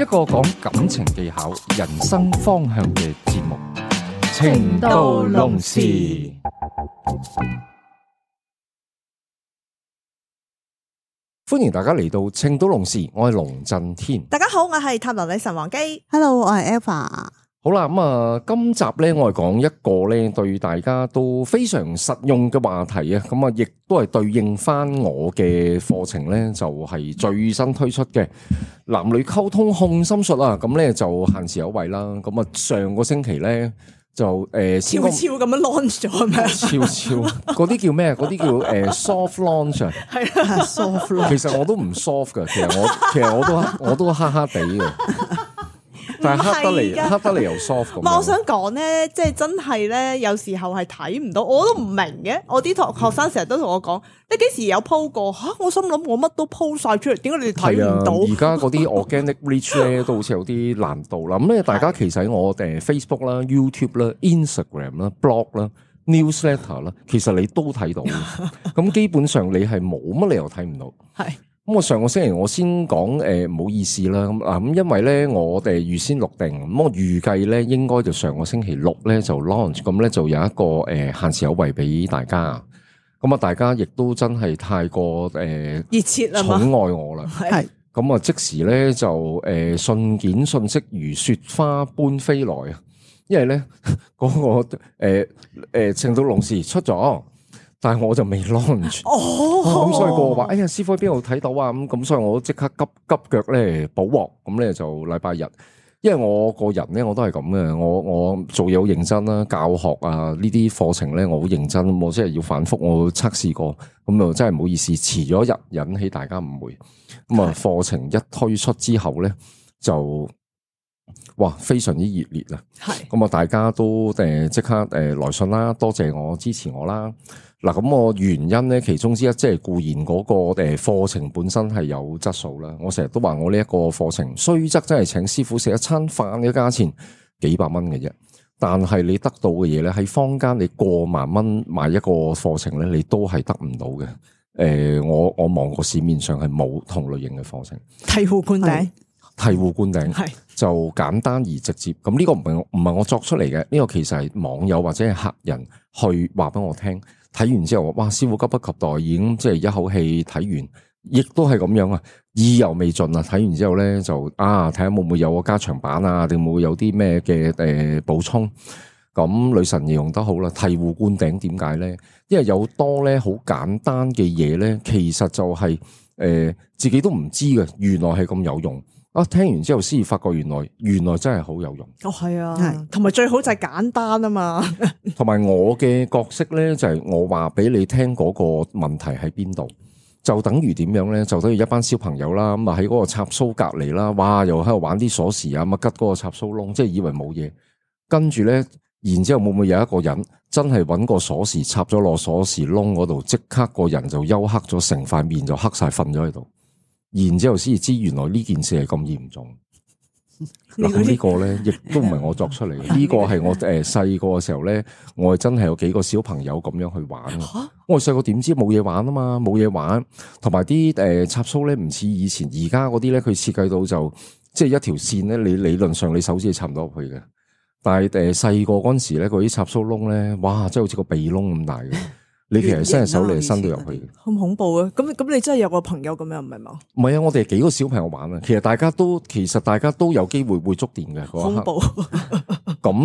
一個講感情技巧、人生方向嘅節目《情到濃時》，歡迎大家嚟到《情到濃時》，我係龍震天。大家好，我係塔羅女神王姬。Hello，我係 Alpha。好啦，咁啊，今集咧，我嚟講一個咧，對大家都非常實用嘅話題啊，咁啊，亦都係對應翻我嘅課程咧，就係、是、最新推出嘅男女溝通控心術啊，咁咧就限時有位啦，咁啊，上個星期咧就誒超悄咁樣 launch 咗咩？悄超嗰超啲 叫咩？嗰啲叫誒 soft launch 係啦 ，soft 其實我都唔 soft 嘅，其實我其實我都我都哈哈地嘅。 但係黑得嚟，是黑得嚟又 soft 咁。我想講咧，即係真係咧，有時候係睇唔到，我都唔明嘅。我啲學學生成日都同我講，你幾時有鋪過吓？我心諗我乜都鋪晒出嚟，點解你哋睇唔到？而家嗰啲 organic reach 咧， 都好似有啲難度啦。咁咧，大家其實我哋 Facebook 啦、YouTube 啦、Instagram 啦、Blog 啦、Newsletter 啦，其實你都睇到。咁基本上你係冇乜理由睇唔到。係。咁我上個星期我先講誒，唔好意思啦，咁嗱咁，因為咧我哋預先錄定，咁我預計咧應該就上個星期六咧就 launch，咁咧就有一個誒限時優惠俾大家。咁啊，大家亦都真係太過誒熱、呃、切寵愛我啦，係是。咁啊，即時咧就誒信、呃、件信息如雪花般飛來，因為咧嗰、那個誒誒成都龍時出咗。但係我就未 launch，咁、哦啊、所以個話，哎呀，師傅喺邊度睇到啊？咁、嗯、咁所以我即刻急急腳咧補鑊，咁咧就禮拜日，因為我個人咧我都係咁嘅，我我做嘢好認真啦，教學啊課呢啲課程咧我好認真，我即係要反覆我測試過，咁就真係唔好意思遲咗一日引起大家誤會，咁啊課程一推出之後咧就。哇！非常之熱烈啊！咁啊是，大家都誒即刻誒來信啦，多謝我支持我啦。嗱，咁我原因咧，其中之一即係固然嗰個誒課程本身係有質素啦。我成日都話我呢一,一,一個課程，雖則真係請師傅食一餐飯嘅價錢幾百蚊嘅啫，但係你得到嘅嘢咧，喺坊間你過萬蚊買一個課程咧，你都係得唔到嘅。誒、呃，我我望過市面上係冇同類型嘅課程。醍醐灌頂。醍醐灌頂，係就簡單而直接。咁呢個唔係唔係我作出嚟嘅，呢個其實係網友或者係客人去話俾我聽。睇完之後，哇，師傅急不及待，已經即係一口氣睇完，亦都係咁樣啊！意猶未盡啊！睇完之後咧，就啊，睇下會唔會有個加長版啊，定冇有啲咩嘅誒補充？咁女神形容得好啦，醍醐灌頂，點解咧？因為有多咧好簡單嘅嘢咧，其實就係誒自己都唔知嘅，原來係咁有用。啊！聽完之後先發覺原，原來原來真係好有用。哦，係啊，係、嗯，同埋最好就係簡單啊嘛。同 埋我嘅角色咧，就係、係、我話俾你聽嗰個問題喺邊度，就等於點樣咧？就等於一班小朋友啦，咁啊喺嗰個插蘇隔籬啦，哇，又喺度玩啲鎖匙啊，咁吉嗰個插蘇窿，即係以為冇嘢，跟住咧，然之後會唔會有一個人真係揾個鎖匙插咗落鎖匙窿嗰度，即刻個人就休克咗，成塊面就黑晒，瞓咗喺度。然之後先至知原來呢件事係咁嚴重。嗱，咁呢個咧，亦都唔係我作出嚟嘅。呢、這個係我誒細個嘅時候咧，我係真係有幾個小朋友咁樣去玩。吓、啊，我細個點知冇嘢玩啊嘛，冇嘢玩。同埋啲誒插蘇咧，唔似以前而家嗰啲咧，佢設計到就即係、就是、一條線咧，你理論上你手指係插唔到入去嘅。但係誒細個嗰陣時咧，嗰啲插蘇窿咧，哇，即係好似個鼻窿咁大嘅。你其實伸隻手，越越你係伸到入去嘅，好恐怖啊！咁咁，你真係有個朋友咁樣唔係嘛？唔係啊，我哋幾個小朋友玩啊，其實大家都其實大家都有機會會觸電嘅嗰一刻。恐怖！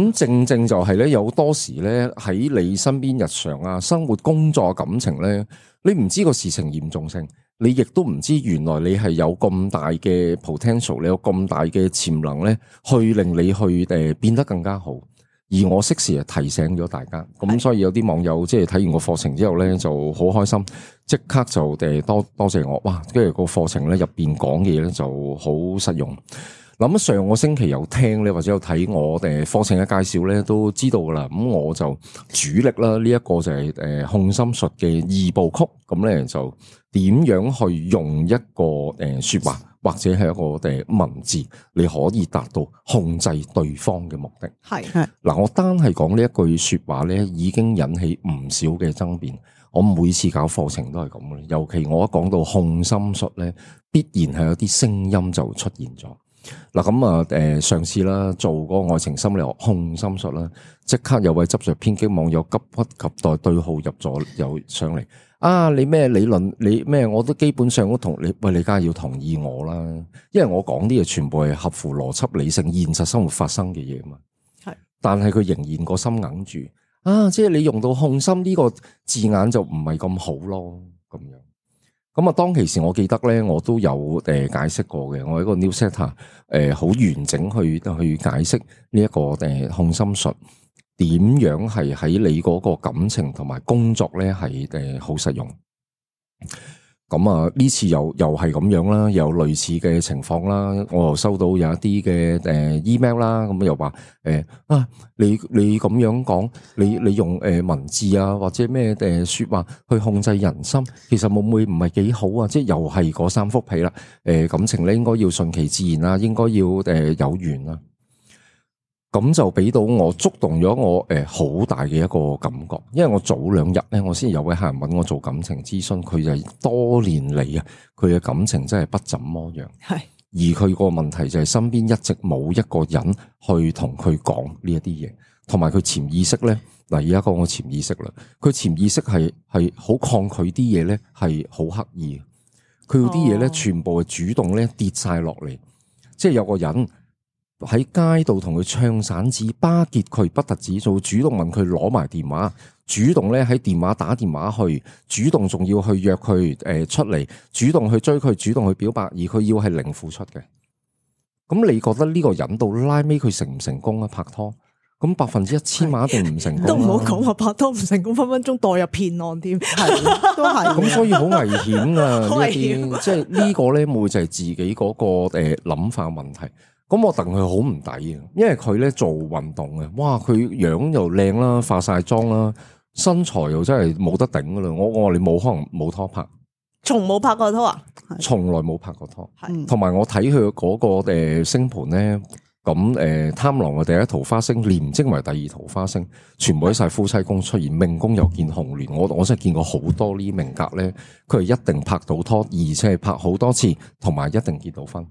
咁 正正就係、是、咧，有多時咧喺你身邊日常啊，生活工作感情咧，你唔知個事情嚴重性，你亦都唔知原來你係有咁大嘅 potential，你有咁大嘅潛能咧，去令你去誒變得更加好。而我適時就提醒咗大家，咁所以有啲網友即係睇完個課程之後咧，就好開心，即刻就誒多多謝我，哇！跟住個課程咧入邊講嘢咧就好實用。嗱，咁上個星期有聽咧或者有睇我哋課程嘅介紹咧，都知道噶啦。咁我就主力啦，呢一個就係誒控心術嘅二部曲，咁咧就點樣去用一個誒說話，或者係一個嘅文字，你可以達到控制對方嘅目的。係係嗱，我單係講呢一句說話咧，已經引起唔少嘅爭辯。我每次搞課程都係咁嘅，尤其我一講到控心術咧，必然係有啲聲音就出現咗。嗱，咁啊，誒，上次啦，做嗰個愛情心理學控心術啦，即刻有位執着偏激網友急不及待對號入座，又上嚟。啊！你咩理論？你咩我都基本上都同你喂，你梗係要同意我啦，因為我講啲嘢全部係合乎邏輯、理性、現實生活發生嘅嘢嘛。係，是的 但係佢仍然個心硬住。啊，即係你用到控心呢個字眼就唔係咁好咯。咁樣咁啊、嗯，當其時我記得咧，我都有誒、呃、解釋過嘅，我喺個 Newsletter、呃、誒好完整去去解釋呢一個誒控、呃、心術。點樣係喺你嗰個感情同埋工作咧係誒好實用？咁啊呢次又又係咁樣啦，又，又有類似嘅情況啦。我又收到有一啲嘅誒 email 啦，咁又話誒啊你你咁樣講，你你，你，你用誒文字啊或者咩誒說話去控制人心，其實會唔會唔係幾好啊？即係又係嗰三幅被啦。誒感情咧應該要順其自然啦，應該要誒有緣啦。咁就俾到我觸動咗我誒好大嘅一個感覺，因為我早兩日咧，我先有位客人揾我做感情諮詢，佢就係多年嚟啊，佢嘅感情真係不怎麼樣。係，而佢個問題就係身邊一直冇一個人去同佢講呢一啲嘢，同埋佢潛意識咧，嗱而家講我潛意識啦，佢潛意識係係好抗拒啲嘢咧，係好刻意，佢啲嘢咧全部係主動咧跌晒落嚟，即係有個人。喺街度同佢唱散子，巴結佢不特止，做主動問佢攞埋電話，主動咧喺電話打電話去，主動仲要去約佢誒出嚟，主動去追佢，主動去表白，而佢要係零付出嘅。咁你覺得呢個引導拉尾佢成唔成功啊？拍拖咁百分之一千萬一定唔成功，都唔好講話拍拖唔成功，分分鐘代入騙案添，係都係咁，所以好危險啊！危險，即係呢個咧，會就係自己嗰個誒諗法問題。咁我戥佢好唔抵啊！因為佢咧做運動嘅，哇！佢樣又靚啦，化晒妝啦，身材又真係冇得頂噶啦！我我話你冇可能冇拖拍，從冇拍過拖啊！從來冇拍過拖，同埋的我睇佢嗰個誒、呃、星盤咧，咁誒貪狼嘅第一桃花星，廉貞為第二桃花星，全部喺晒夫妻宮出現，命宮又見紅鸞。我我真係見過好多呢命格咧，佢係一定拍到拖，而且係拍好多次，同埋一定結到婚。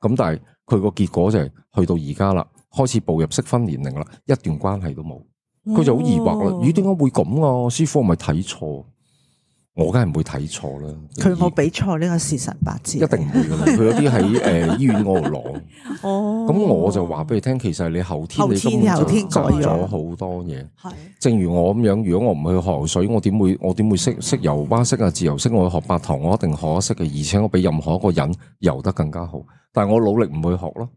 咁但係佢個結果就係去到而家啦，開始步入適婚年齡啦，一段關係都冇，佢就好疑惑啦，咦？點解會咁啊？師傅，我咪睇錯。我梗係唔會睇錯啦，佢冇俾錯呢個時辰八字，一定唔會噶。佢 有啲喺誒醫院嗰度攞， 哦，咁我就話俾你聽，其實你後天，後天你根本就學咗好多嘢。係，正如我咁樣，如果我唔去學游水，我點會我點會識識游蛙式啊、自由式？我去學八堂，我一定學得識嘅。而且我比任何一個人游得更加好。但係我努力唔去學咯，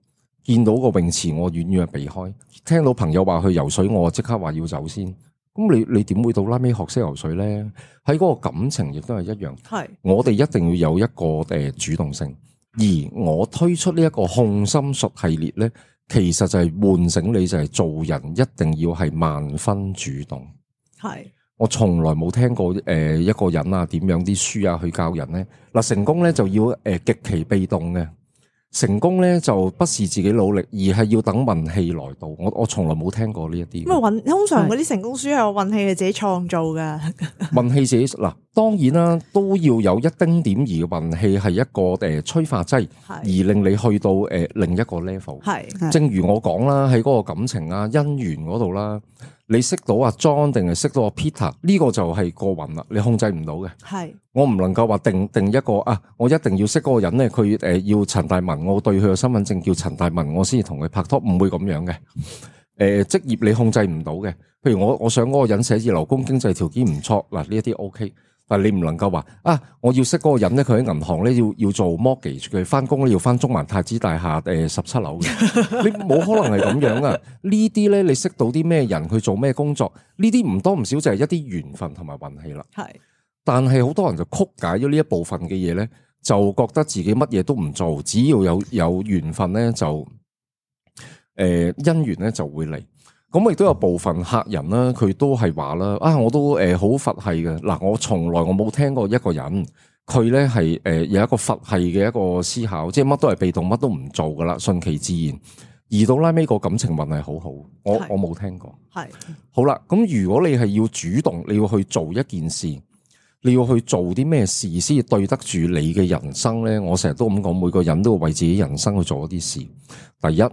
見到個泳池我遠遠避開，聽到朋友話去游水，我即刻話要走先。咁你你點會到拉尾學識游水呢？喺嗰個感情亦都係一樣。係是我哋一定要有一個誒主動性。而我推出呢一個控心術系列呢，其實就係喚醒你就係、是、做人一定要係萬分主動。係是我從來冇聽過誒一個人啊點樣啲書啊去教人呢，嗱成功呢就要誒極其被動嘅。成功咧就不是自己努力，而係要等運氣來到。我我從來冇聽過呢一啲。咁啊運，通常嗰啲成功書係我運氣係自己創造噶。運氣自己嗱。 當然啦，都要有一丁點兒運氣係一個誒、呃、催化劑，而令你去到誒、呃、另一個 level。係，正如我講啦，喺嗰個感情啊、姻緣嗰度啦，你識到阿 John 定係識到阿 Peter 呢個就係過運啦，你控制唔到嘅。係是，我唔能夠話定定一個啊，我一定要識嗰個人咧，佢誒、呃、要陳大文，我對佢嘅身份證叫陳大文，我先至同佢拍拖，唔會咁樣嘅。誒、呃，職業你控制唔到嘅，譬如我我想嗰個人寫字樓工，經濟條件唔錯，嗱呢一啲 OK。但係你唔能夠話啊，我要識嗰個人咧，佢喺銀行咧要要做 mortgage，佢翻工咧要翻中環太子大廈誒十七樓嘅，你冇可能係咁樣啊！ 呢啲，咧你識到啲咩人去做咩工作？呢啲，唔多唔少就係一啲緣分同埋運氣啦。係是，但係好多人就曲解咗呢一部分嘅嘢咧，就覺得自己乜嘢都唔做，只要有有緣分咧就誒姻緣咧就會嚟。咁亦都有部分客人啦，佢都係話啦，啊，我都誒好佛系嘅嗱，我從來我冇聽過一個人佢咧係誒有一個佛系嘅一個思考，即係乜都係被動，乜都唔做噶啦，順其自然。而到拉尾個感情運係好好，我我冇聽過。係好啦，咁如果你係要主動，你要去做一件事，你要去做啲咩事先對得住你嘅人生咧？我成日都咁講，每個人都會為自己人生去做一啲事。第一。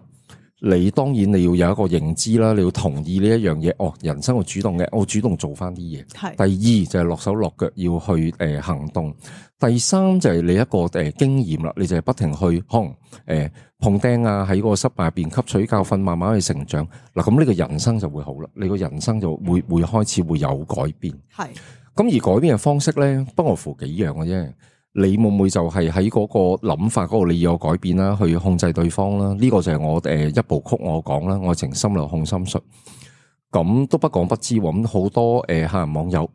你當然你要有一個認知啦，你要同意呢一樣嘢，哦，人生會主動嘅，我主動做翻啲嘢。是第二就係落手落腳要去誒、呃、行動，第三就係你一個誒、呃、經驗啦，你就係不停去可能、呃、碰誒碰釘啊，喺個失敗入邊吸取教訓，慢慢去成長。嗱、呃，咁呢個人生就會好啦，你個人生就會會開始會有改變。係是，咁而改變嘅方式咧，不外乎幾樣嘅啫。你會唔會就係喺嗰個諗法嗰度，你要有改變啦，去控制對方啦？呢個就係我誒一部曲，我講啦，愛情心理控心術。咁都不講不知喎，咁好多誒客人網友，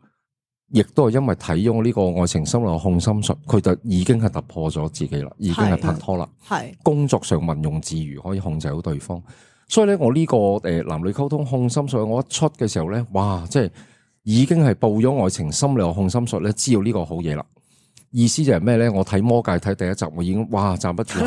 亦都係因為睇咗呢個愛情心理控心術，佢就已經係突破咗自己啦，已經係拍拖啦，係工作上運用自如，可以控制到對方。所以咧，我呢個誒男女溝通控心術，我一出嘅時候咧，哇！即係已經係報咗愛情心理控心術咧，知道呢個好嘢啦。意思就係咩咧？我睇魔戒睇第一集我已經哇，站不住，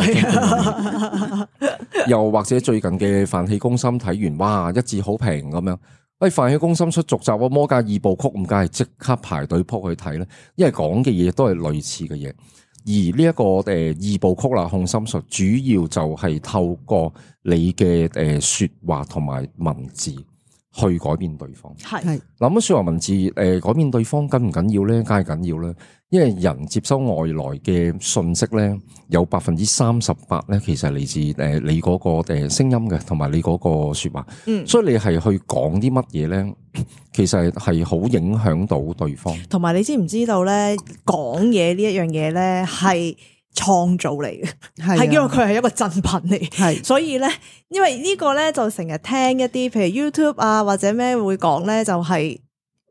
又或者最近嘅《凡氣攻心》睇完，哇，一致好評咁樣。喂、哎，《凡氣攻心》出續集啊，《魔戒二部曲》唔梗係即刻排隊撲去睇咧，因為講嘅嘢都係類似嘅嘢。而呢一個誒二部曲啦，《控心術》主要就係透過你嘅誒説話同埋文字。去改變對方，係。諗下説話文字誒、呃、改變對方緊唔緊要咧？梗係緊要啦，因為人接收外來嘅信息咧，有百分之三十八咧，其實係嚟自誒你嗰個誒聲音嘅，同埋你嗰個説話。嗯，所以你係去講啲乜嘢咧，其實係好影響到對方。同埋你知唔知道咧？講嘢呢一樣嘢咧，係。創造嚟嘅，係的因為佢係一個珍品嚟，係是的 所以咧，因為個呢個咧就成日聽一啲，譬如 YouTube 啊或者咩會講咧，就係、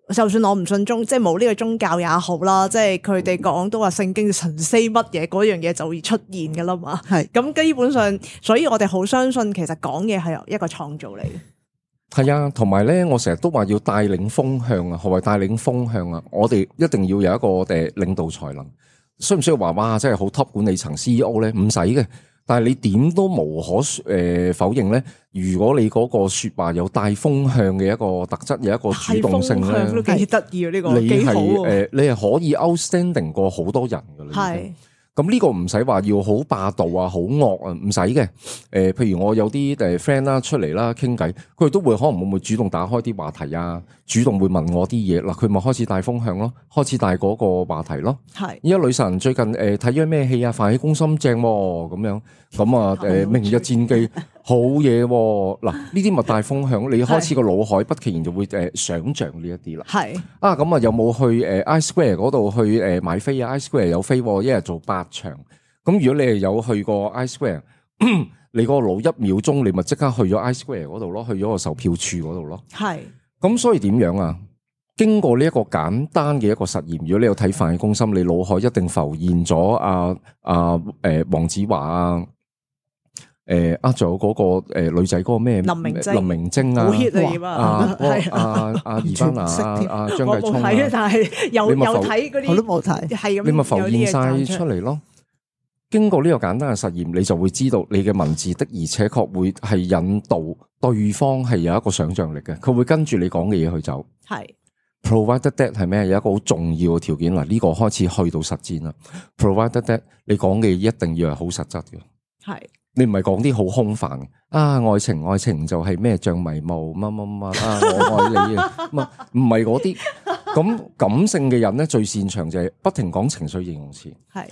是、就算我唔信宗，即係冇呢個宗教也好啦，即係佢哋講都話聖經神思乜嘢嗰樣嘢就會出現噶啦嘛，係咁是的 基本上，所以我哋好相信其實講嘢係由一個創造嚟，嘅。係啊，同埋咧，我成日都話要帶領風向啊，何謂帶領風向啊？我哋一定要有一個我哋領導才能。需唔需要話哇，真係好 top 管理層 C E O 咧？唔使嘅，但係你點都無可誒、呃、否認咧。如果你嗰個說話有帶風向嘅一個特質，有一個主動性咧，都幾得意啊！呢個你係是誒好、呃，你係可以 outstanding 過好多人噶你係。咁呢個唔使話要好霸道啊，好惡啊，唔使嘅。誒、呃，譬如我有啲誒 friend 啦出嚟啦傾偈，佢都會可能會唔會主動打開啲話題啊？主動會問我啲嘢，嗱佢咪開始帶風向咯，開始帶嗰個話題咯。係是，依家女神最近誒睇咗咩戲啊？《飯戲攻心正喎、哦，咁樣咁啊，誒《明、呃、日戰記》 好嘢喎、哦。嗱呢啲咪帶風向，你開始個腦海不期然就會誒、呃、想像呢一啲啦。係是。啊，咁啊有冇去誒 iSquare 嗰度去誒買飛啊？iSquare 有飛，一日做八場。咁如果你係有去過 iSquare， 你個腦一秒鐘你咪即刻去咗 iSquare 嗰度咯，去咗個售票處嗰度咯。係。咁所以點樣啊？經過呢一個簡單嘅一個實驗，如果你有睇《飯戲攻心》，你腦海一定浮現咗阿阿誒黃子華啊，誒啊仲有嗰個誒女仔嗰個咩林明林明禎啊，好阿阿阿阿張繼聰啊，我冇睇，但係有不停不停有睇嗰啲，冇睇，係咁，你咪浮現晒出嚟咯。經過呢個簡單嘅實驗，你就會知道你嘅文字的而且確會係引導對方係有一個想象力嘅，佢會跟住你講嘅嘢去走。係是 Provided that 係咩？有一個好重要嘅條件嗱，呢、呢個開始去到實踐啦。Provided that 你講嘅嘢一定要係好實質嘅，係是你唔係講啲好空泛嘅啊，愛情愛情就係咩像迷霧乜乜乜啊，我愛你啊，唔係嗰啲咁感性嘅人咧，最擅長就係不停講情緒形容詞，係。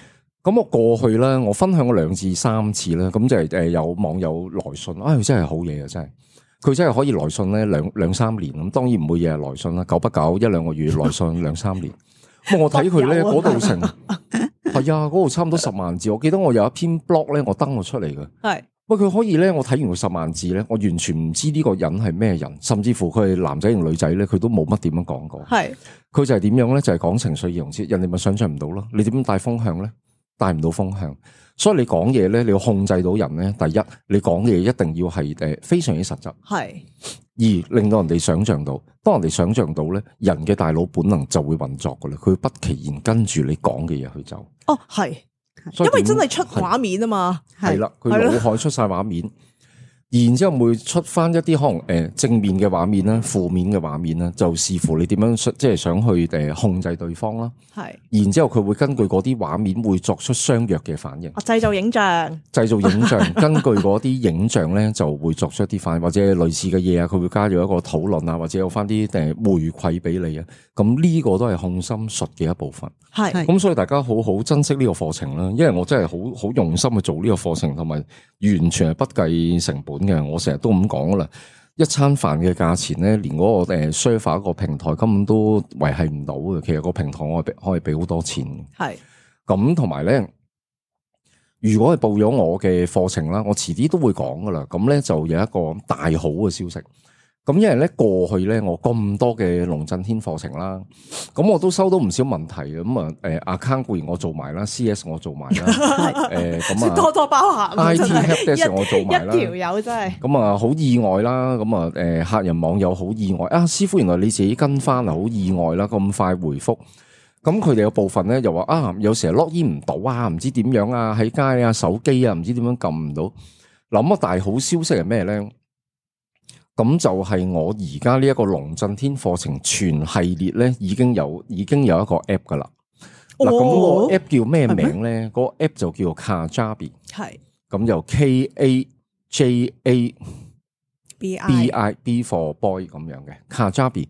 咁我過去咧，我分享過兩至三次咧，咁就係、是、誒有網友來信，啊、哎，真係好嘢啊，真係佢真係可以來信咧，兩兩三年咁，當然唔會日日來信啦，久不久一兩個月 來信兩三年。咁我睇佢咧，嗰度成係啊，嗰度、 啊、差唔多十萬字。我記得我有一篇 blog 咧是，我登咗出嚟嘅。係，喂佢可以咧，我睇完佢十萬字咧，我完全唔知呢個人係咩人，甚至乎佢係男仔定女仔咧，佢都冇乜點樣講過。係是，佢就係點樣咧？就係、是、講情緒用詞，人哋咪想像唔到咯。你點樣帶風向咧？帶唔到風向，所以你講嘢咧，你要控制到人咧。第一，你講嘢一定要係誒非常之實質，係是而令到人哋想象到。當人哋想象到咧，人嘅大腦本能就會運作噶啦，佢不其然跟住你講嘅嘢，去走。哦，係，因為真係出畫面啊嘛，係啦，佢腦海出晒畫面。 然之後會出翻一啲可能誒正面嘅畫面啦，負面嘅畫面啦，就視乎你點樣想，即係想去誒控制對方啦。係是。然之後佢會根據嗰啲畫面會作出相若嘅反應。製造影像。製造影像， 根據嗰啲影像咧，就會作出一啲反應，或者類似嘅嘢啊。佢會加咗一個討論啊，或者有翻啲誒回饋俾你啊。咁、這、呢個都係控心術嘅一部分。係是。咁所以大家好好珍惜呢個課程啦，因為我真係好好用心去做呢個課程，同埋完全係不計成本。嘅，我成日都咁講噶啦，一餐飯嘅價錢咧，連嗰個誒 server 個平台根本都維繫唔到嘅。其實個平台我係可以俾好多錢是。係，咁同埋咧，如果係報咗我嘅課程啦，我遲啲都會講噶啦。咁咧就有一個大好嘅消息。咁因為咧過去咧我咁多嘅龍震天課程啦，咁我都收到唔少問題，咁啊誒 account 固然我做埋啦，CS 我做埋啦，誒咁啊多多包涵，IT Capdesk 我做埋啦，一條友真係、呃。咁啊好意外啦，咁啊誒客人網友好意外啊，師傅原來你自己跟翻啊，好意外啦，咁快回覆。咁佢哋有部分咧又話啊，有時 log in 唔到啊，唔知點樣啊，喺街啊手機啊，唔知點樣撳唔到。諗啊大好消息係咩咧？咁就係我而家呢一個龍震天課程全系列咧，已經有已經有一個 app 噶啦。嗱、哦哦哦哦，咁個 app 叫咩名咧？嗰個 app 就叫做 Kajabi 是係咁就 K A J A B I B for boy 咁樣嘅 Kajabi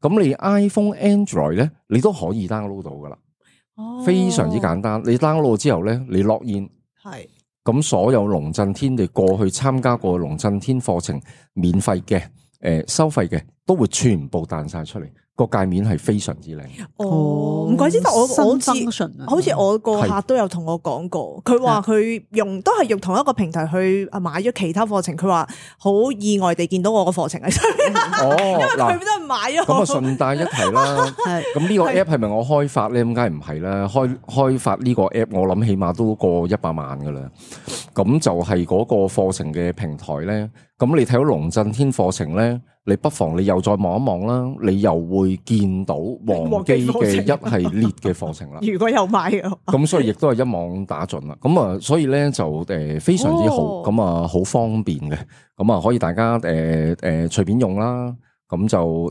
咁你 iPhone、Android 咧，你都可以 download 到噶啦。哦，非常之簡單。你 download 之後咧，你落印係。咁所有龍震天哋過去參加過龍震天課程，免費嘅、誒、呃、收費嘅，都會全部彈曬出嚟。個界面係非常之靚，oh，哦，唔怪之得我我好似、啊、我個客都有同我講過，佢話佢用都係用同一個平台去啊買咗其他課程，佢話好意外地見到我個課程喺上面，哦，嗱， 咁啊順帶一提啦，咁呢 是個 app 係咪我開發咧？咁梗係唔係啦，開開發呢個 app，我諗起碼都過一百萬噶啦，咁就係嗰個課程嘅平台咧。咁你睇到龍震天課程咧，你不妨你又再望一望啦，你又會見到黃基嘅一系列嘅課程啦。 如果有買咁所以亦都係一網打盡啦。咁啊，所以咧就誒非常之好，咁啊好方便嘅，咁啊可以大家誒誒隨便用啦，咁就誒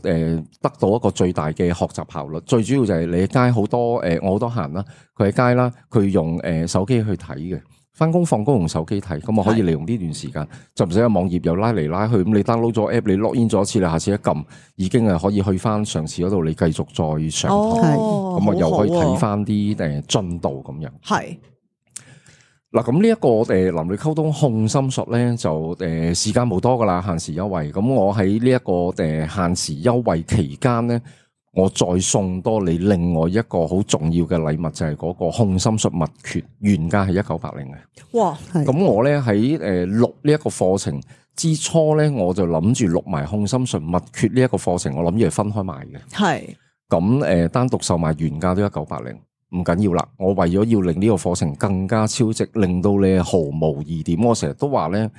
得到一個最大嘅學習效率。最主要就係你喺街好多誒、呃，我好多客人啦，佢喺街啦，佢用誒手機去睇嘅。翻工放工用手機睇，咁我可以利用呢段時間是的 就唔使喺網頁又拉嚟拉去，咁你 download 咗 app，你 login 咗一次，你下次一撳已經係可以去翻上次嗰度，你繼續再上堂，咁我又可以睇翻啲誒進度咁樣。係嗱，咁呢一個誒，男女溝通控心術咧，就誒時間冇多噶啦，限時優惠。咁我喺呢一個誒限時優惠期間咧。我再送多你另外一個好重要嘅禮物，就係嗰個《控心術秘訣》。原價係一九八零嘅。哇！咁我呢喺誒錄呢一個課程之初呢，我就諗住錄埋《控心術秘訣》呢一個課程，我諗住係分開賣嘅。係咁誒，單獨售賣原價都一九八零，唔緊要啦。我為咗要令呢個課程更加超值，令到你毫無疑點。我成日都話呢，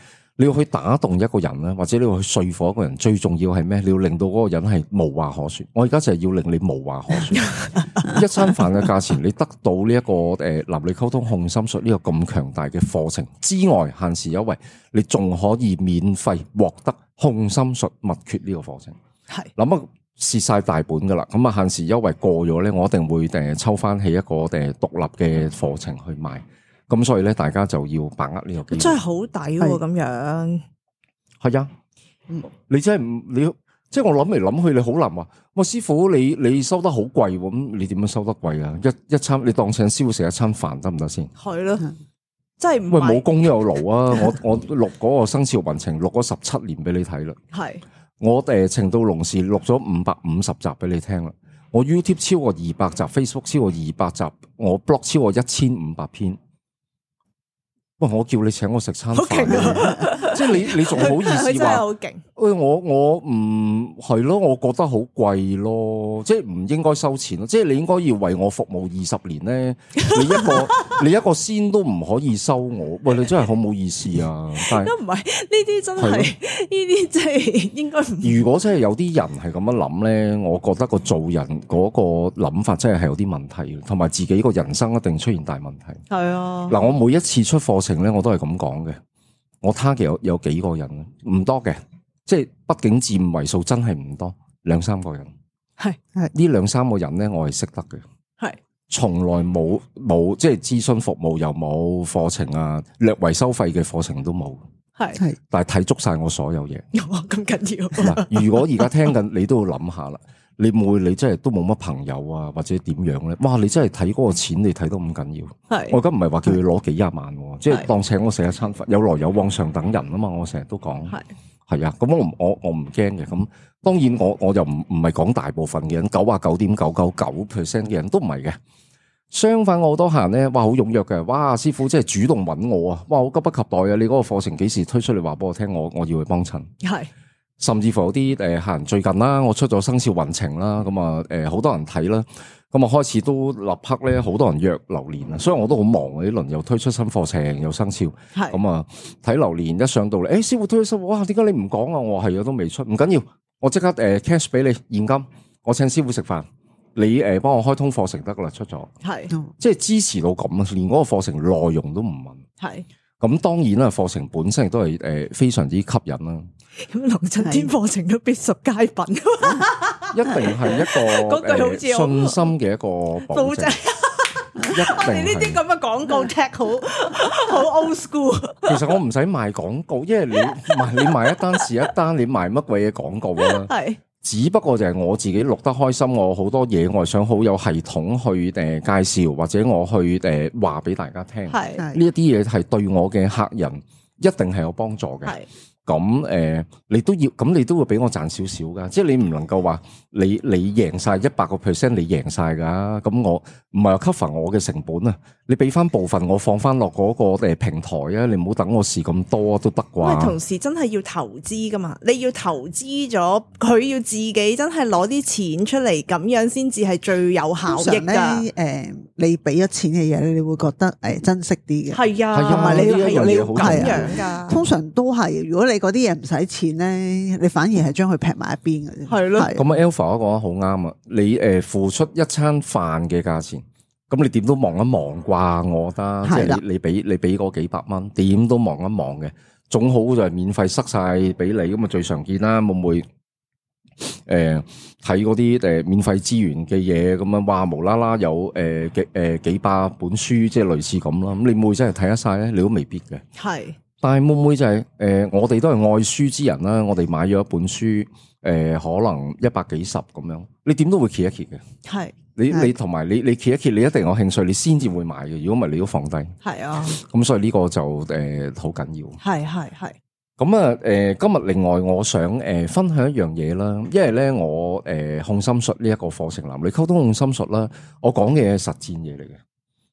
你要去打動一個人咧，或者你要去說服一個人，最重要係咩？你要令到嗰個人係無話可說。我而家就係要令你無話可說。 一餐飯嘅價錢，你得到呢、這、一個誒，流、呃、 利溝通控心術呢個咁強大嘅課程之外，限時優惠，你仲可以免費獲得控心術秘訣呢個課程。係是，諗啊，蝕晒大本噶啦。咁啊，限時優惠過咗呢，我一定會誒抽翻起一個誒獨立嘅課程去賣。咁所以咧，大家就要把握呢個真。真係好抵喎，咁樣係啊。你真係唔你即係我諗嚟諗去，你好難話。喂，師傅你你收得好貴喎，咁你點樣收得貴啊？一一餐你當請師傅食一餐飯得唔得先？係咯，真係喂冇功都有勞啊！我我錄嗰個生肖運是的、呃、程錄咗十七年俾你睇啦。係我哋情到濃時錄咗五百五十集俾你聽啦。我 YouTube 超過二百集，Facebook 超過二百集，我 blog 超過一千五百篇。喂，我叫你請我食餐飯，即係你 你仲好意思話？喂，我我唔係咯，我覺得好貴咯，即係唔應該收錢咯，即係你應該要為我服務二十年咧，你一個 你一個仙都唔可以收我，喂，你真係好冇意思啊！但係唔係呢啲真係呢啲，即係的應該唔。如果真係有啲人係咁樣諗咧，我覺得個做人嗰個諗法真係係有啲問題，同埋自己個人生一定出現大問題。係啊，嗱，我每一次出課程咧，我都係咁講嘅，我 target 有有幾個人，唔多嘅。即係，畢竟佔為數真係唔多，兩三兩三個人係係呢兩三個人咧，我係識得嘅係，從來冇冇即係諮詢服務又冇課程啊，略為收費嘅課程都冇係係，是但係睇足晒我所有嘢，有冇咁緊要，啊？ 如果而家聽緊，你都要諗下啦，你會你真係都冇乜朋友啊，或者點樣咧？哇，你真係睇嗰個錢你都，你睇到咁緊要係。我而家唔係話叫你攞幾廿萬，啊，即係是當請我食一餐飯，有來有，來有往，上等人啊嘛，我成日都講係。係啊，咁我我我唔驚嘅，咁當然我我又唔唔係講大部分嘅人，九啊九點九九九 percent 嘅人都唔係嘅，相反我好多客人咧，哇好踴躍嘅，哇師傅即係主動揾我啊，哇好急不及待啊，你嗰個課程幾時推出嚟話俾我聽，我我要去幫襯，係是，甚至乎有啲誒客人最近啦，我出咗生肖運程啦，咁啊誒好多人睇啦。咁啊，開始都立刻咧，好多人約榴蓮啊！所以我都好忙啊，呢輪又推出新課程，又生肖，係咁啊，睇榴蓮一上到嚟，誒、欸，師傅推出我，哇，點解你唔講啊？我係啊都未出，唔緊要，我即刻誒 cash 俾你現金，我請師傅食飯，你誒幫我開通課程得噶啦，出咗係，是即係支持到咁啊，連嗰個課程內容都唔問，係是，咁當然啦，課程本身亦都係誒非常之吸引啦。咁龍震天課程都必屬佳品。嗯一定係一個好似信心嘅一個保證。一定你呢啲咁嘅廣告 tag 好好 old school。其實我唔使賣廣告，因為你賣你賣一單是一單，你賣乜鬼嘢廣告啦？係。只不過就係我自己錄得開心，我好多嘢我係想好有系統去誒介紹，或者我去誒話俾大家聽。係呢一啲嘢係對我嘅客人一定係有幫助嘅。係。 咁誒，你都要，咁你都會俾我賺少少噶，即係你唔能夠話你你贏晒一百個 percent，你贏晒噶，咁我唔係 cover 我嘅成本啊。你俾翻部分我放翻落嗰個誒平台啊！你唔好等我事咁多都得啩，因為同時真係要投資噶嘛，你要投資咗，佢要自己真係攞啲錢出嚟，咁樣先至係最有效益噶。誒、呃，你俾咗錢嘅嘢，你會覺得誒珍惜啲嘅。係啊，同埋你係你要咁有樣噶、啊？通常都係，如果你嗰啲嘢唔使錢咧，你反而係將佢劈埋一邊嘅啫。係咯。咁啊，Alpha 講得好啱啊！啊啊你誒付出一餐飯嘅價錢。咁你點都望一望啩，我覺得即係是的 你俾你俾嗰幾百蚊，點都望一望嘅，總好就係免費塞晒俾你，咁啊最常見啦。會唔會誒睇嗰啲誒免費資源嘅嘢咁啊？話無啦啦有誒、呃、幾誒、呃、幾百本書，即係類似咁啦。咁你會唔會真係睇得晒咧？你都未必嘅。係是的、就是，但係會唔會就係誒我哋都係愛書之人啦。我哋買咗一本書。誒、呃，可能一百幾十咁樣，你點都會揭一揭嘅。係是，你是的 你同埋你你揭一揭，你一定有興趣，你先至會買嘅。如果唔係，你都放低。係啊，咁所以呢個就誒好緊要。係係係。咁啊，誒、呃，今日另外我想誒、呃、分享一樣嘢啦，因為咧我誒、呃、控心術呢一個課程，男女溝通控心術啦，我講嘅嘢係實戰嘢嚟嘅。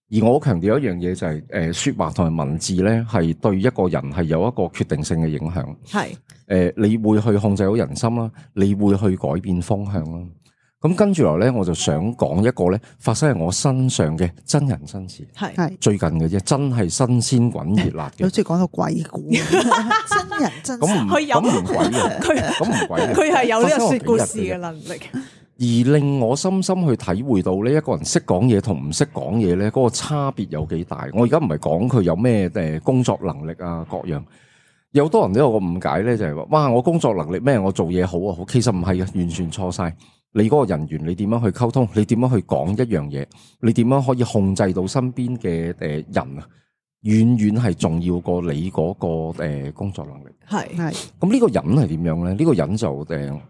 而我強調一樣嘢就係、是，誒、呃，說話同埋文字咧，係對一個人係有一個決定性嘅影響。係是，誒、呃，你會去控制好人心啦，你會去改變方向啦。咁跟住落嚟咧，我就想講一個咧，發生喺我身上嘅真人真事。係是，最近嘅啫，真係新鮮滾熱辣嘅。好似講到鬼故，真人真事，佢有唔鬼嘅，佢唔鬼，佢係有呢個說故事嘅能力。而令我深深去體會到呢一個人識講嘢同唔識講嘢咧，嗰個差別有幾大？我而家唔係講佢有咩誒工作能力啊各樣，有好多人都有個誤解咧，就係話：哇，我工作能力咩？我做嘢好啊，好。其實唔係嘅，完全錯晒，你嗰個人緣，你點樣去溝通？你點樣去講一樣嘢？你點樣可以控制到身邊嘅誒人啊？遠遠係重要過你嗰個誒工作能力。係係。咁呢個人係點樣咧？呢個人就誒。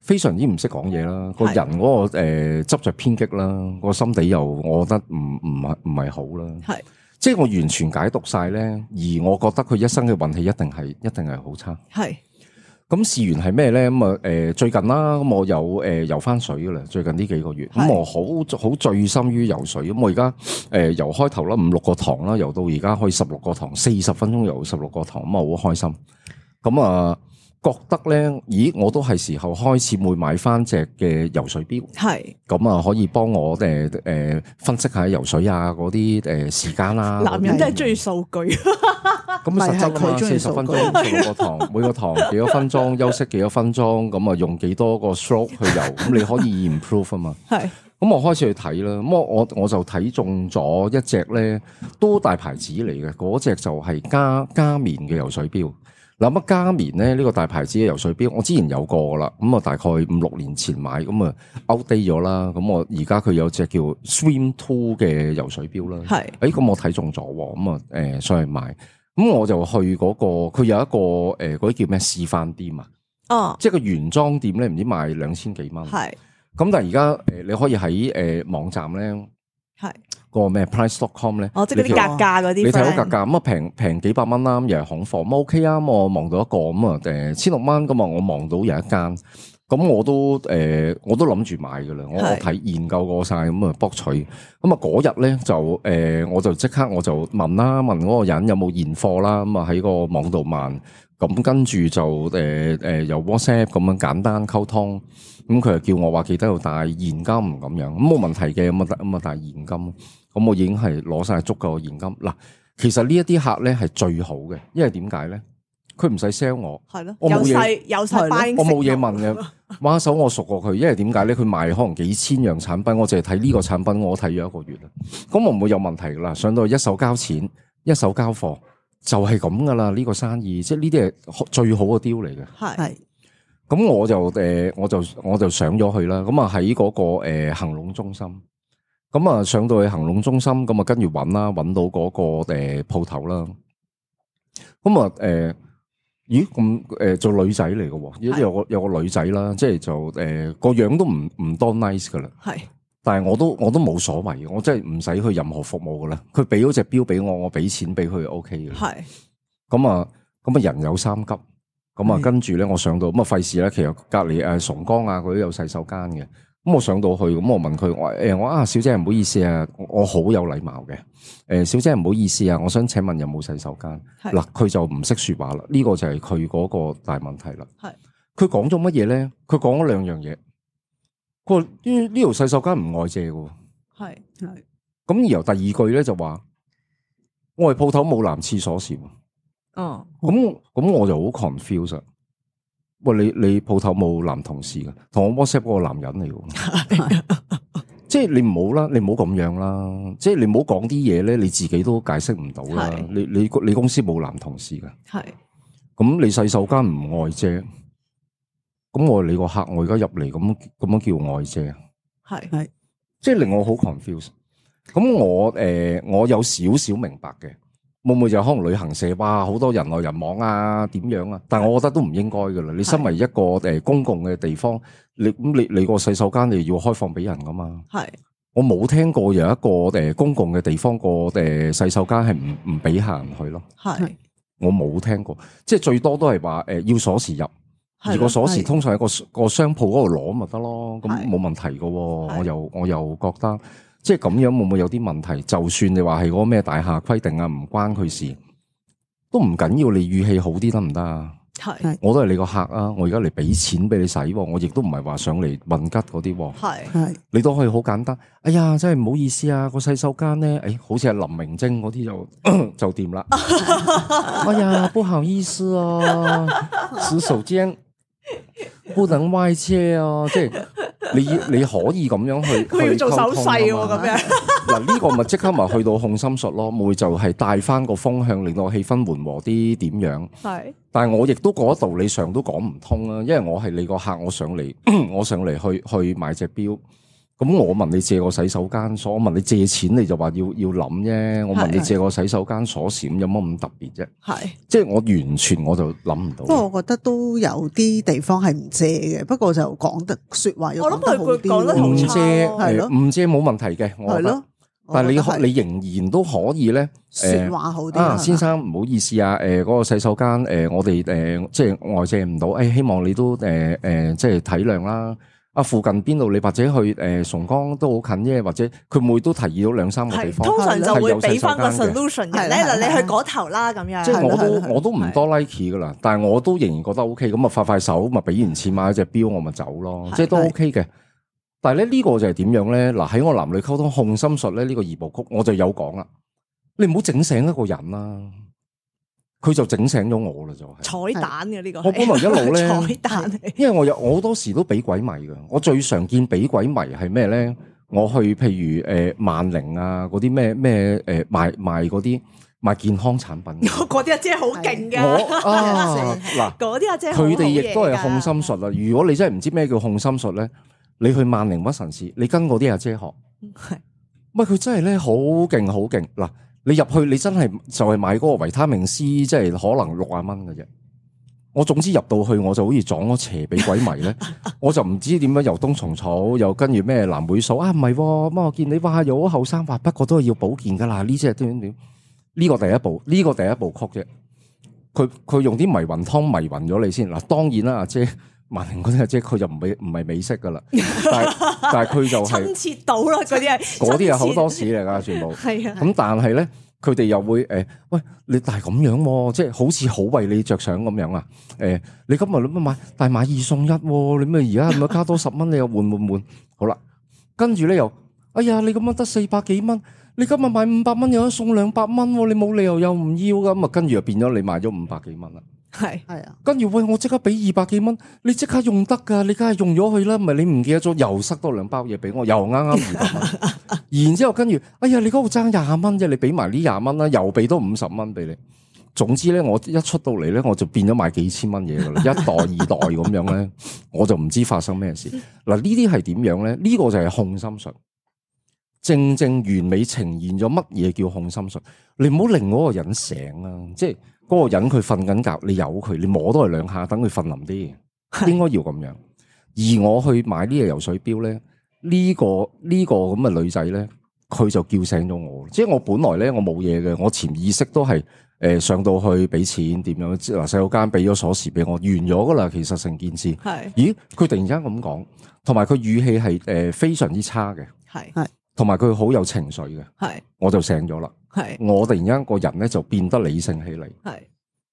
非常之唔識講嘢啦，個人嗰個誒執着偏激啦，個心地又我覺得唔唔唔係好啦，係是即係我完全解讀晒咧，而我覺得佢一生嘅運氣一定係一定係好差，係咁是事緣係咩咧咁啊？誒，最近啦，咁我有誒游翻水啦，最近呢幾個月，咁是我好好醉心於游水，咁我而家誒游開頭啦五六個堂啦，游到而家可以十六個堂，四十分鐘游十六個堂，咁啊好開心，咁啊。覺得咧，咦，我都係時候開始會買翻隻嘅游水表，係咁是、呃、啊，可以幫我哋誒分析下游水啊嗰啲誒時間啦。男人真係中意數據，咁實真啊，四十分鐘上個堂，的每個堂幾多分鐘，休息幾分鐘多分鐘，咁啊用幾多個 stroke 去游，咁 你可以 improve 啊嘛。係咁是我開始去睇啦，咁我我我就睇中咗一隻咧，都大牌子嚟嘅？嗰隻就係加加棉嘅游水表。嗱咁加棉咧呢個大牌子嘅游水表，我之前有過啦，咁啊大概五六年前買，咁啊 outdate 咗啦，咁是、欸、我而家佢有隻叫 Swim Two 嘅游水表啦。係，誒咁我睇中咗，咁啊誒上去買，咁我就去嗰、那個，佢有一個誒嗰啲叫咩試翻店啊，C、inding, 哦，即係個原裝店咧，唔知賣兩千幾蚊，係是，咁但係而家誒你可以喺誒、呃、網站咧。係個咩 price.com 咧？Pr com 呢哦，即係嗰啲格價嗰啲。你睇到格價咁啊，平平幾百蚊啦，又係行貨，OK 啊。我望到一個咁啊，誒、嗯，千六蚊咁啊，我望到有一間，咁我都誒，我都諗住買噶啦。我睇研究過晒，咁啊博取。咁啊嗰日咧就誒、嗯，我就即刻我就問啦，問嗰個人有冇現貨啦。咁啊喺個網度問，咁、嗯、跟住就誒誒，由、嗯嗯、WhatsApp 咁樣簡單溝通。咁佢又叫我話記得要帶現金咁樣，咁冇問題嘅，咁啊咁啊帶現金，咁我已經係攞晒足夠現金。嗱，其實呢一啲客咧係最好嘅，因為點解咧？佢唔使 sell 我，係咯的，我冇嘢有，有我冇嘢問嘅，買手我熟過佢，因為點解咧？佢 賣可能幾千樣產品，我淨係睇呢個產品，我睇咗一個月啦，咁我唔會有問題噶啦。上到一手交錢，一手交貨，就係咁噶啦。呢、這個生意即係呢啲係最好嘅 deal 嚟嘅，係。.咁我就誒，我就我就上咗去啦。咁啊喺嗰個誒恒隆中心，咁啊上到去恒隆中心，咁啊跟住揾啦，揾到嗰、那個誒鋪、呃、頭啦。咁啊誒，咦咁誒做女仔嚟嘅，有個有個有個女仔啦，即係就誒個、呃、樣都唔唔多 nice 噶啦。係，是但係我都我都冇所謂，我真係唔使去任何服務噶啦。佢俾咗隻表俾我，我俾錢俾佢，O K 嘅。係是，咁啊咁啊人有三急。咁啊，嗯、跟住咧，嗯、我上到咁啊，費事啦。其實隔籬誒，崇、呃、光啊，佢都有洗手間嘅。咁我上到去，咁我問佢，我誒、欸，我啊，小姐唔好意思啊，我，我好有禮貌嘅。誒、欸，小姐唔好意思啊，我想請問有冇洗手間？嗱是，佢就唔識說話啦。呢、這個就係佢嗰個大問題啦。係是，佢講咗乜嘢咧？佢講咗兩樣嘢。佢話呢呢條洗手間唔外借嘅。係係。咁而由第二句咧就話，我哋鋪頭冇男廁所先。哦，咁咁、嗯、我就好 confused。喂，你你鋪頭冇男同事嘅，同我 WhatsApp 嗰個男人嚟嘅。 即係你唔好啦，你唔好咁樣啦，即係你唔好講啲嘢咧，你自己都解釋唔到啦。是你你你公司冇男同事嘅，係是，咁你洗手間唔愛啫？咁我係你個客我而家入嚟，咁咁樣叫愛啫？係係，即係令我好 confused。咁我誒、呃，我有少少明白嘅。會唔會就可能旅行社哇，好多人來人往啊，點樣啊？但係我覺得都唔應該噶啦。你身為一個誒，公共嘅地方，你咁你你個洗手間你要開放俾人噶嘛？係我冇聽過有一個誒，公共嘅地方個誒，洗手間係唔唔俾行人去咯。係我冇聽過，即係最多都係話誒，要鎖匙入，而個鎖匙通常喺個個商鋪嗰度攞咪得咯，咁冇問題噶。我又我又覺得。即係咁樣會唔會有啲問題？就算你話係嗰個咩大廈規定啊，唔關佢事，都唔緊要。你語氣好啲得唔得啊？係是，我都係你個客啊！我而家嚟俾錢俾你使，我亦都唔係話上嚟混吉嗰啲。係，係，你都可以好簡單。哎呀，真係唔好意思啊！個洗手間咧，誒、哎，好似係林明晶嗰啲就咳咳就掂啦。 哎呀，不好意思哦、啊，洗手間。好等歪車啊！即係你你可以咁樣去，佢 要做手勢咁、啊、樣嗱、啊？呢 個咪即刻咪去到控心術咯， 會就係帶翻個風向，令到氣氛緩和啲，點樣？係是，但係我亦都嗰道理上都講唔通啊，因為我係你個客，我上嚟，我上嚟去去買隻表。咁我問你借個洗手間鎖，我問你借錢，你就話要要諗啫。我問你借個洗手間鎖匙，有乜咁特別啫？係，即係我完全我就諗唔到。不過我覺得都有啲地方係唔借嘅，不過就講得說話要好啲，唔我認 借係咯，唔借冇是的 問題嘅。我係咯，但係你你仍然都可以咧。說的話好啲啊，先生唔嗎好意思啊，誒、那、嗰個洗手間誒，我哋誒即係外借唔到，誒希望你都誒誒即係體諒啦。附近邊度你或者去誒松、呃、江都好近啫，或者佢每都提議到兩三個地方，通常就會俾翻個 solution 係啦，嗱，你去嗰頭啦，咁樣。即係我都我都唔多 like 噶啦，但係我都仍然覺得 OK，咁啊快快手咪俾完錢買隻表我咪走咯，即係都 OK 嘅。但係咧呢、這個就係點樣咧？嗱，喺我男女溝通控心術咧呢個二部曲，我就有講啦，你唔好整醒一個人啦。佢就整醒咗我啦，就係彩蛋嘅呢個。我本來一路咧，彩蛋。因為我有，我好多時都俾鬼迷噶。我最常見俾鬼迷係咩咧？我去譬如誒萬寧啊，嗰啲咩咩誒賣賣嗰啲賣健康產品。嗰啲阿姐好勁嘅。嗱，嗰啲阿姐，佢哋亦都係控心術啦。如果你真係唔知咩叫控心術咧，你去萬寧屈臣氏，你跟嗰啲阿姐學。係。唔係佢真係咧好勁好勁嗱。你入去，你真係就係買嗰個維他命 C，即係可能六啊蚊嘅啫。我總之入到去，我就好似撞咗邪，俾鬼迷咧。 我就唔知點樣，又冬蟲草，又跟住咩藍莓素啊？唔係、哦，咁我見你話又好後生，話不過都係要保健噶啦。呢隻點點點，呢、呢個第一步，呢、呢個第一步曲啫。佢佢用啲迷魂湯迷魂咗你先嗱，當然啦，阿姐。萬寧嗰啲啊，即係佢就唔美，唔係美式噶啦， 但係但係佢就係親切到咯，嗰啲係啲又好多事嚟噶，全部係啊。咁是的 但係咧，佢哋又會誒、欸，喂，你但係咁樣，即係好似好為你着想咁樣啊。誒、欸，你今日諗乜買？但係買二送一喎，你咩而家咪加多十蚊，你又換換換。好啦，跟住咧又，哎呀，你咁樣得四百幾蚊，你今日買五百蚊又有送兩百蚊，你冇理由又唔要噶。咁啊，跟住又變咗你買咗五百幾蚊啦。係係啊，跟住喂，我即刻俾二百幾蚊，你即刻用得噶你梗係用咗佢啦，唔係你唔記得咗，又塞多兩包嘢俾我，又啱啱二百蚊。然之後跟住，哎呀，你嗰度爭廿蚊啫，你俾埋呢廿蚊啦，又俾多五十蚊俾你，總之咧，我一出到嚟咧，我就變咗買幾千蚊嘢噶啦，一袋，二袋咁樣咧，我就唔知發生咩事。嗱，呢啲係點樣咧？呢個就係控心術。正正完美呈現咗乜嘢叫控心術？你唔好令嗰個人醒啊！即係嗰個人佢瞓緊覺，你由佢，你摸多佢兩下，等佢瞓冧啲，應該要咁樣。而我去買呢個游水錶咧，呢個呢個咁嘅女仔咧，佢就叫醒咗我。即係我本來咧，我冇嘢嘅，我潛意識都係誒、呃、上到去俾錢點樣？即嗱洗手間俾咗鎖匙俾我，完咗噶啦。其實成件事係，是咦？佢突然間咁講，同埋佢語氣係誒非常之差嘅，係係。同埋佢好有情緒嘅，係是的 我就醒咗啦，係是的 我突然間個人咧就變得理性起嚟，係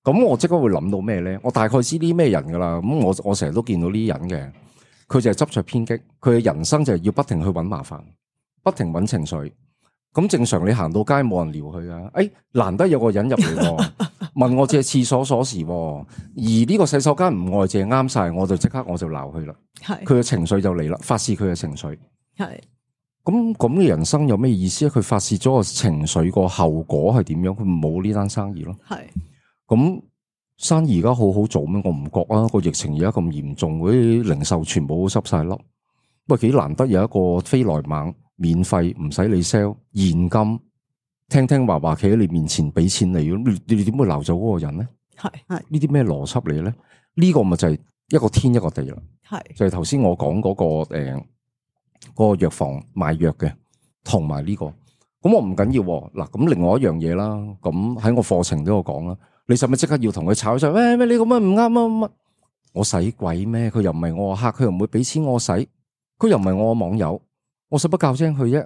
咁是的 我即刻會諗到咩咧？我大概知啲咩人噶啦，咁我我成日都見到呢啲人嘅，佢就係執着偏激，佢嘅人生就係要不停去揾麻煩，不停揾情緒。咁正常你行到街冇人撩佢啊？誒、哎，難得有個人入嚟，問我借廁所鎖匙， 而呢個洗手間唔外借啱晒，我就即刻我就鬧佢啦。係佢嘅情緒就嚟啦，發泄佢嘅情緒。係。咁咁嘅人生有咩意思咧？佢發洩咗個情緒個後果係點樣？佢冇呢單生意咯。係咁是生意而家好好做咩？我唔覺啊！個疫情而家咁嚴重，嗰啲零售全部都濕晒粒。不過幾難得有一個飛來猛免費，唔使你 sell 現金，聽聽話話企喺你面前俾錢你，你你點會鬧走嗰個人咧？係係呢啲咩邏輯嚟咧？呢、這個咪就係一個天一個地啦。係是就係頭先我講嗰、那個誒。呃嗰個藥房賣藥嘅，同埋呢個，咁我唔緊要喎。嗱，咁另外一樣嘢啦，咁喺我課程都有講啦，你使咪即刻要同佢炒出？咩咩、欸、你咁樣唔啱啊！我使鬼咩？佢又唔係我客，佢又唔會俾錢我使，佢又唔係我網友，我使乜教聲佢啫？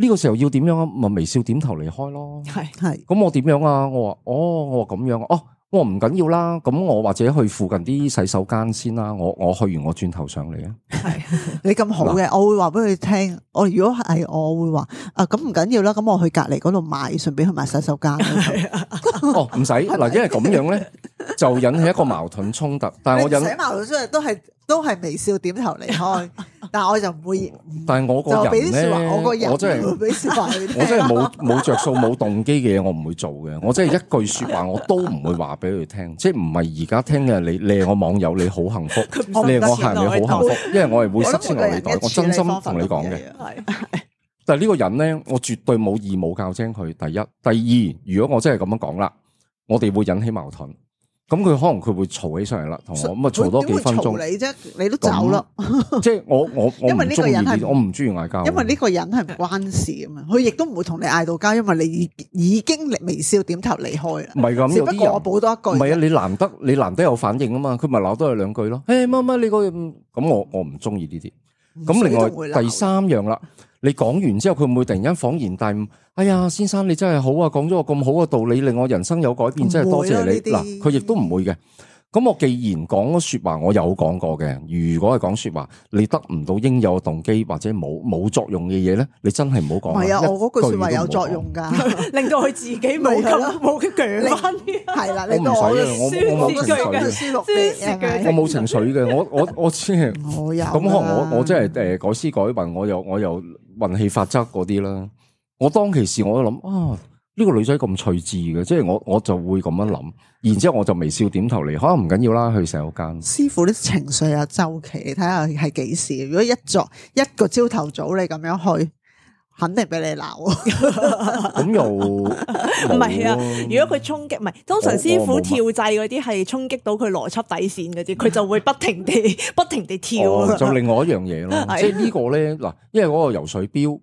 呢、這個時候要點樣啊？咪微笑點頭離開咯。係係，咁我點樣啊？我話哦，我話咁樣哦。我唔緊要啦，咁我或者去附近啲洗手間先啦。我我去完我轉頭上嚟。啊，係你咁好嘅，我會話俾佢聽。我如果係我會話啊，咁唔緊要啦。咁我去隔籬嗰度買，順便去埋洗手間。哦，唔使嗱，因為咁樣咧就引起一個矛盾衝突，但係我引起矛盾出嚟都係都係微笑點頭離開，但係我就唔會。但係我個人咧,我個人唔會俾說話佢。我真係冇冇着數、冇動機嘅嘢，我唔會做嘅。我真係一句說話，我都唔會話俾佢聽。即係唔係而家聽嘅，你你係我網友你好幸福，你係我客人你好幸福，因為我係會塞錢落你袋，我真心同你講嘅。係。但係呢個人咧，我絕對冇義務教精佢。第一，第二，如果我真係咁樣講啦，我哋會引起矛盾。咁佢可能佢會嘈起上嚟啦，同我咁啊嘈多幾分鐘。你啫，你都走咯。即係我我我因為呢個人係我唔中意嗌交，因為呢個人係唔關事啊嘛。佢亦都唔會同你嗌到交，因為你已已經微笑點頭離開啦。唔係咁，只不過我補多一句。唔係啊，你難得你難得有反應啊嘛，佢咪鬧多佢兩句咯。誒，乜乜你個咁我我唔中意呢啲。咁另外第三樣啦。你講完之後，佢唔會突然間恍然大悟。哎呀，先生，你真係好啊！講咗個咁好嘅道理，令我人生有改變，啊，真係多謝你。嗱這些，佢亦都唔會嘅。咁我既然講咗說話，我有講過嘅。如果係講說話，你得唔到應有動機或者冇冇作用嘅嘢咧，你真係唔好講啦。係啊，我嗰句話說話有作用㗎， 令到佢自己冇咯，冇一句翻啲。係 啦，令我嘅書字句我冇情緒嘅，我我我即係 。我有。咁我我即係誒改思改運，我又我又運氣法則嗰啲啦。我當其時我，我都諗啊。呢個女仔咁趣致嘅，即係我我就會咁樣諗，然之後我就微笑點頭嚟，可能唔緊要啦，去洗手間，師傅啲情緒有周期，你睇下係幾時。如果一作一個朝頭早你咁樣去，肯定俾你鬧。咁 又唔係啊，啊？如果佢衝擊唔係，通常師傅跳掣嗰啲係衝擊到佢邏輯底線嗰啲，佢就會不停地、不停地跳。 哦、就另外一樣嘢咯， 對即係呢個咧嗱，因為嗰個游水標。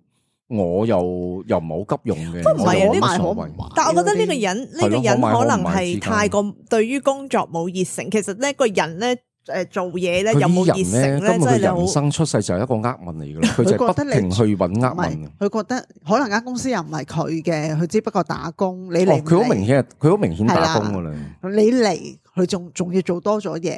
我又又冇急用嘅，都唔係啊，呢個好，但係我覺得呢個人呢個人可能係太過對於工作冇熱誠。其實呢個人咧誒做嘢咧有冇熱誠咧，真係人生出世就係一個厄運嚟噶啦。佢覺得你去搵厄運，佢覺得可能間公司又唔係佢嘅，佢只不過打工。你嚟哦，佢好明顯，佢好明顯打工噶啦。你嚟，佢仲仲要做多咗嘢，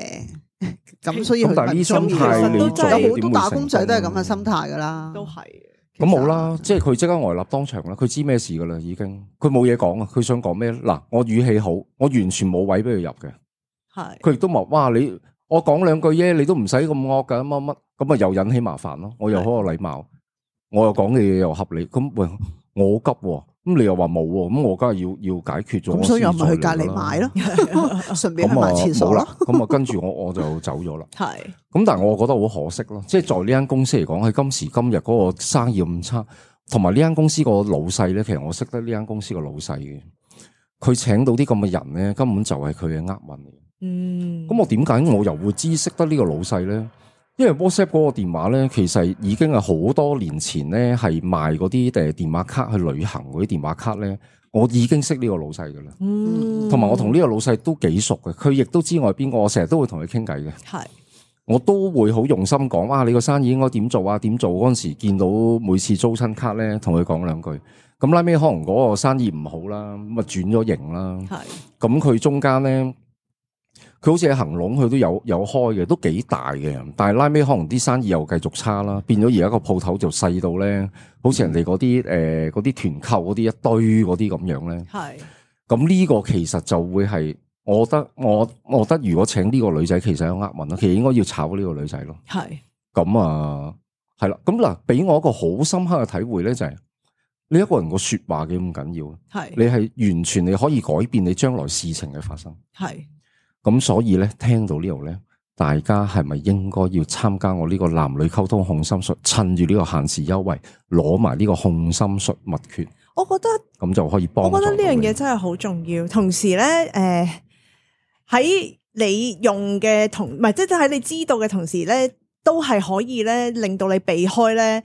咁所以佢。第二種心態都真係點會成？有好多打工仔都係咁嘅心態噶啦，都係。咁冇啦，了即係佢即刻，呃、呆立當場啦，佢知咩事噶啦，已經佢冇嘢講啊，佢想講咩？嗱，我語氣好，我完全冇位俾佢入嘅，係佢亦都話，哇，你我講兩句嘢，你都唔使咁惡噶，乜乜咁啊，又引起麻煩咯。我又好有禮貌，是我又講嘅嘢又合理，咁我急喎，啊。咁你又話冇喎，咁我梗係要要解決咗，咁所以又唔去隔籬買咯，順 便買廁所咯。咁啊， 跟住我我就走咗啦。係 是。咁但係我覺得好可惜咯，即係在呢間公司嚟講，喺今時今日嗰個生意咁差，同埋呢間公司個老細咧，其實我識得呢間公司個老細嘅，佢請到啲咁嘅人咧，根本就係佢嘅厄運嚟。嗯。咁我點解我又會知識得呢個老細咧？因為 WhatsApp 嗰個電話咧，其實已經係好多年前咧，係賣嗰啲誒電話卡去旅行嗰啲電話卡咧，我已經識呢個老細噶啦，嗯，同埋我同呢個老細都幾熟嘅，佢亦都知我係邊個，我成日都會同佢傾偈嘅，係，是 我都會好用心講，啊，你個生意應該點做啊？點做，啊？嗰陣時見到每次租親卡咧，同佢講兩句，咁拉尾可能嗰個生意唔好啦，咁啊轉咗型啦，係是，咁佢中間咧。佢好似喺恒隆，佢都有有開嘅，都幾大嘅。但係拉尾可能啲生意又繼續差啦，變咗而家個鋪頭就細到咧，好似人哋嗰啲誒嗰啲團購嗰啲一堆嗰啲咁樣咧。係，咁呢個其實就會係，我覺得我我覺得如果請呢個女仔，其實有呃運啦，其實應該要炒呢個女仔咯。係，咁啊，係啦，咁嗱，俾我一個好深刻嘅體會咧、就是，就係你一個人個說話嘅咁緊要。係，是 你係完全你可以改變你將來事情嘅發生。係。咁所以咧，聽到呢度咧，大家係咪應該要參加我呢個男女溝通控心術？趁住呢個限時優惠，攞埋呢個控心術秘訣。我覺得咁就可以幫到。我覺得呢樣嘢真係好重要。同時咧，誒、呃、喺你用嘅同，唔係即係喺你知道嘅同時咧，都係可以咧，令到你避開咧。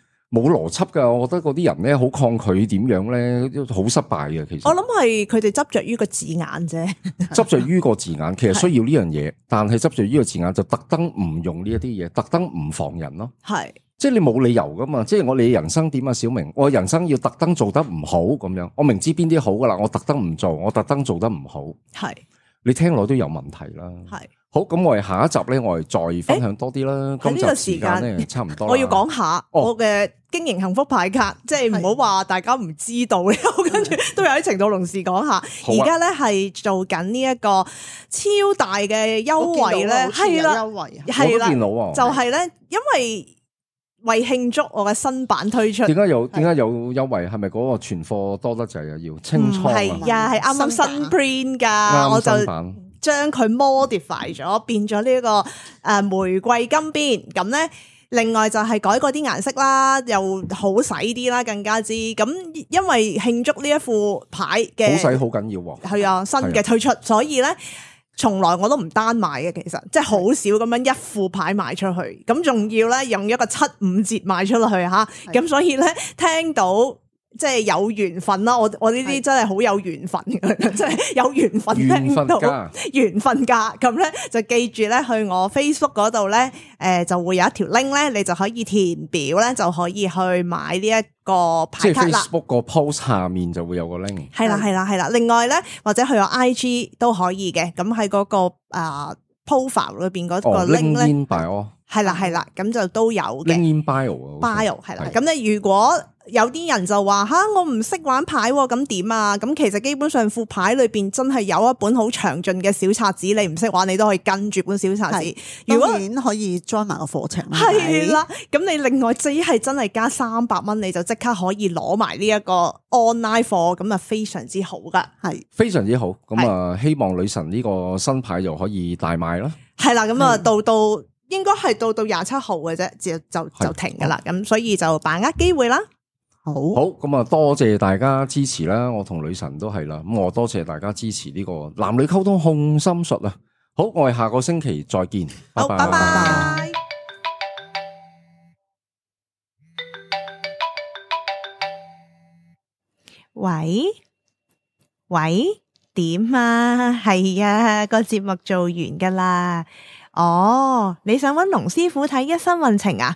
冇邏輯噶，我覺得嗰啲人咧好抗拒點樣咧，好失敗嘅。其實我諗係佢哋執着於個字眼啫。執着於個字眼，其實需要呢樣嘢，是的 但係執着於個字眼就特登唔用呢一啲嘢，特登唔防人咯。係，是的 即係你冇理由噶嘛。即係我哋人生點啊，小明，我人生要特登做得唔好咁樣，我明知邊啲好噶啦，我特登唔做，我特登做得唔好。係，是的 你聽落都有問題啦。係。好，咁我哋下一集咧，我哋再分享多啲啦。咁呢個時間咧，差唔多我要講下我嘅經營幸福牌卡，即係唔好話大家唔知道。跟住都有啲程度同事講下，而家咧係做緊呢一個超大嘅優惠咧，係啦，優惠啊，好電腦啊，就係咧，因為為慶祝我嘅新版推出，點解有？點解有優惠？係咪嗰個存貨多得滯啊？要清倉啊？係啊，係啱啱新 print 噶，我就。將佢 modify 咗，變咗呢一個誒玫瑰金邊，咁咧另外就係改過啲顏色啦，又好使啲啦，更加之。咁因為慶祝呢一副牌嘅好使好緊要喎，係啊，新嘅推出，所以咧從來我都唔單買嘅，其實即係好少咁樣一副牌賣出去，咁仲要咧用一個七五折賣出去吓，咁所以咧聽到。即係有緣分啦，我我呢啲真係好有緣分嘅，真係有緣分聽到緣分家咁咧，就記住咧去我 Facebook 嗰度咧，誒就會有一條 link 咧，你就可以填表咧，就可以去買呢一個牌卡啦。即係 Facebook 個 post 下面就會有個 link。係啦係啦係啦，另外咧或者去我 IG 都可以嘅，咁喺嗰個啊 profile 裏邊嗰個 link 咧，係啦係啦，咁就都有嘅。link in bio，bio 係啦，咁你如果。有啲人就話嚇、啊，我唔識玩牌喎，咁點啊？咁其實基本上副牌裏邊真係有一本好詳盡嘅小冊子，你唔識玩，你都可以跟住本小冊子，是然如果可以 join 埋個課程。係啦、啊，咁、啊、你另外只係真係加三百蚊，你就即刻可以攞埋呢一個 online 課，咁啊非常之好噶，係非常之好。咁啊是，希望女神呢個新牌又可以大賣啦。係啦、啊，咁啊到到應該係到到廿七號嘅啫，就就，就停噶啦。咁是、啊、所以就把握機會啦。好，好咁啊，多謝大家支持啦，我同女神都係啦，咁我多謝大家支持呢個男女溝通控心術啊。好，我哋下個星期再見，拜拜好拜拜。喂拜喂，點啊？係啊，個節目做完噶啦。哦，你想揾龍師傅睇一生運程啊？